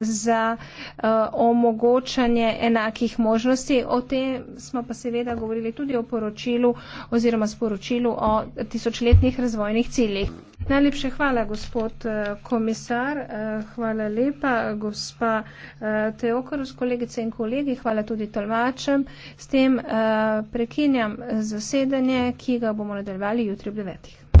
za uh, omogočanje enakih možnosti. O tem smo pa seveda govorili tudi o poročilu oziroma sporočilu o tisočletnih razvojnih ciljih. Najlepše hvala, gospod eh, komisar. Eh, hvala lepa, gospa Teokorus, kolegice in kolegi. Hvala tudi tolmačem. S tem prekinjam zasedanje, ki ga bomo nadaljevali jutri ob devetih.